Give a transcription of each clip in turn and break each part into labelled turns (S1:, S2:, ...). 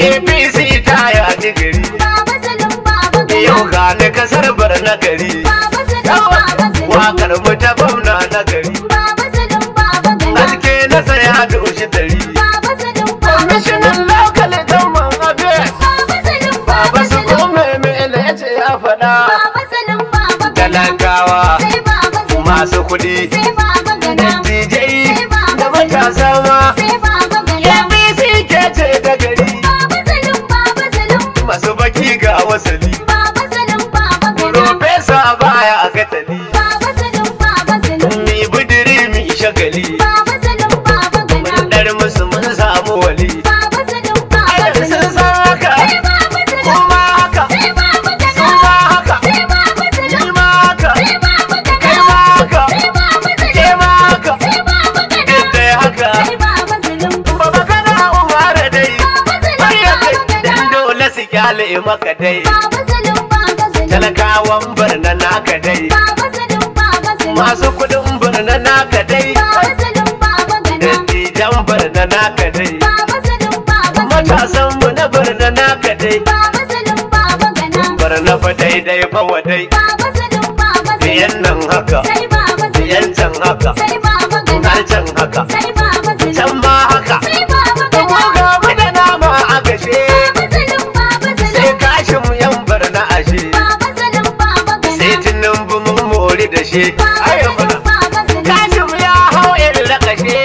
S1: apc ta ya a digiri yau
S2: ga na kasar bar na gari wakar mu ta bauna na gari
S1: aske na saya da
S2: ushi dari kwamishinan lokal dauman abes baba su kome mai ya ya faɗa talakawa masu kuɗi kyale maka dai
S1: talakawan
S2: birna naka dai masu kudin birna naka dai dattijan birna naka dai matasan mu na birna naka dai birna fa daidai fa wadai biyan nan haka biyan can haka
S1: har can haka
S2: tinubu mun mori da shi. Kasim ya hau irin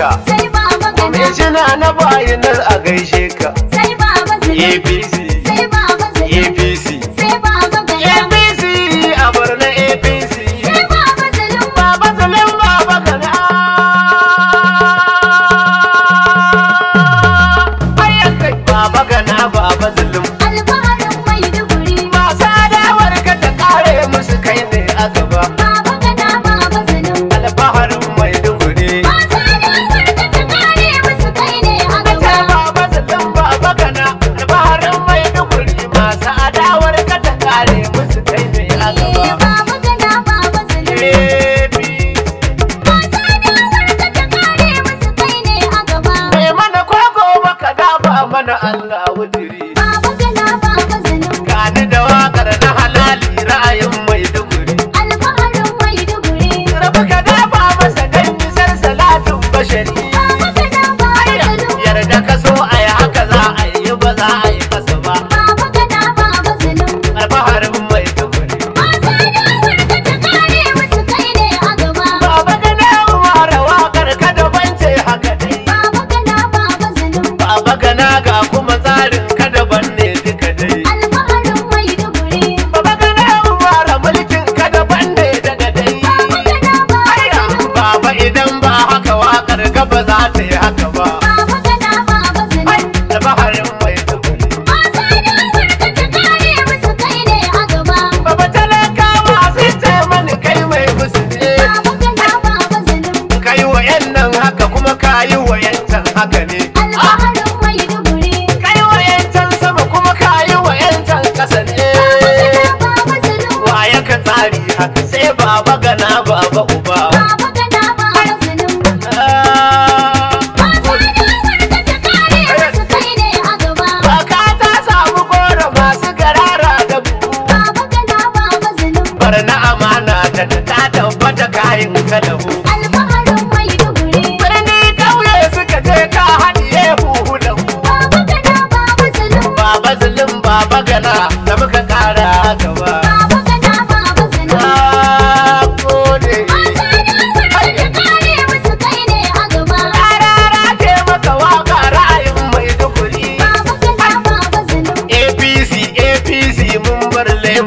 S2: 자.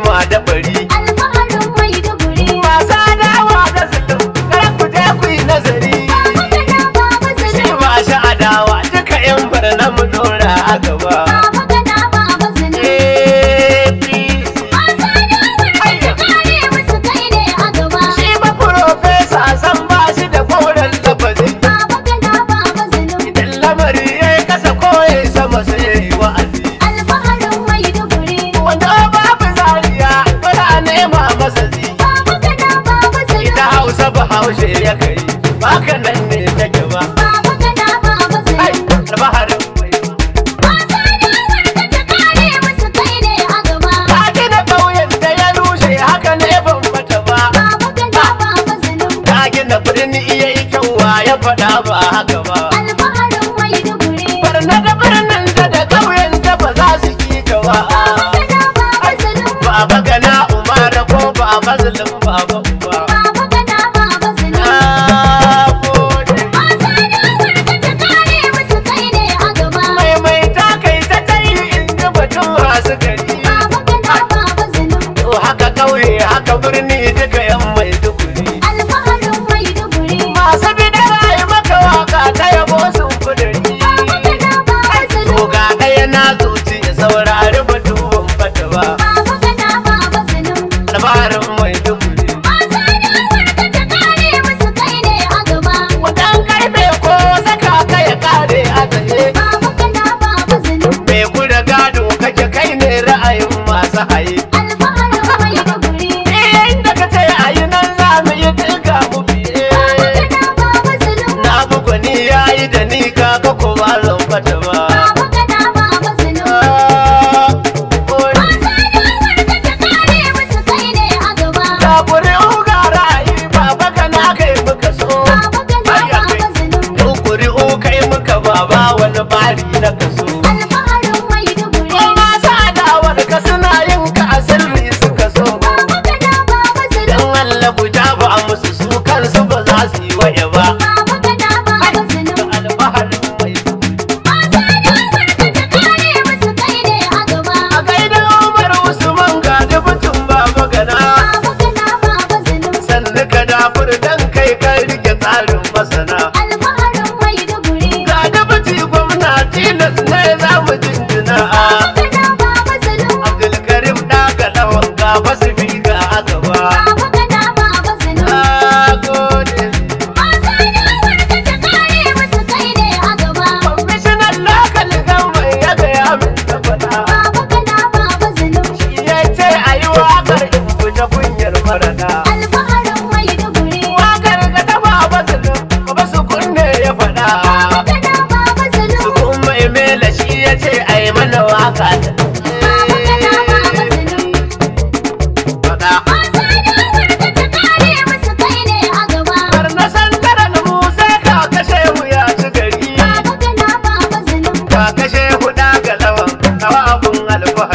S2: girma bahaushe ya kai baka nan ne ahí the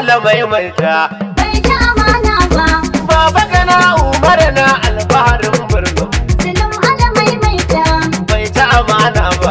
S2: wahala maimaita bai amana ba baba kana umar na alfaharin birnin silim ala maimaita bai ci amana ba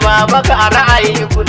S2: baba maka a ra'ayi kun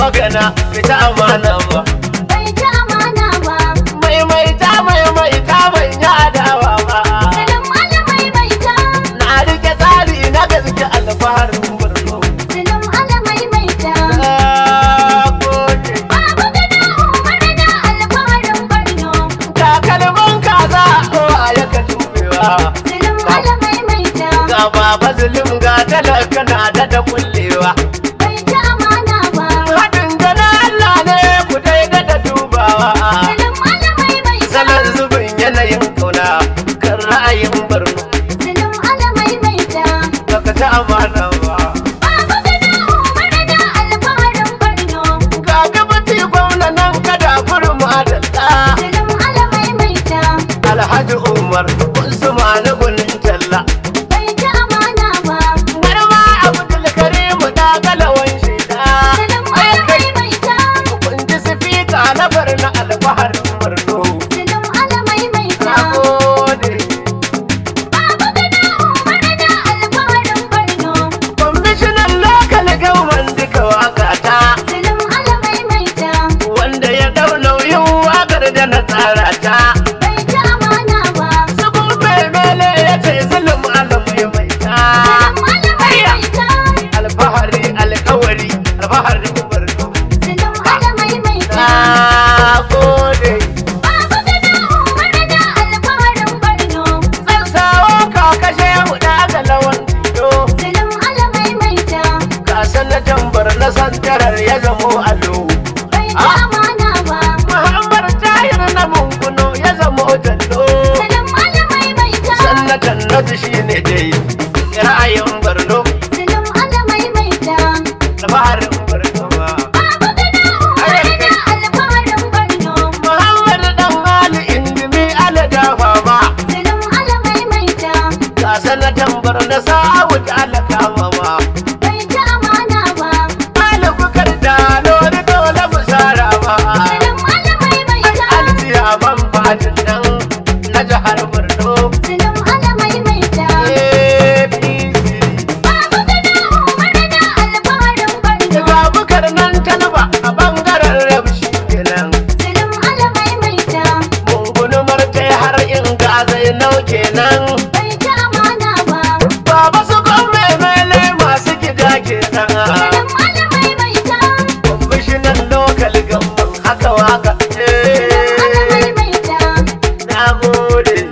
S2: magana fita amanan ba loaded.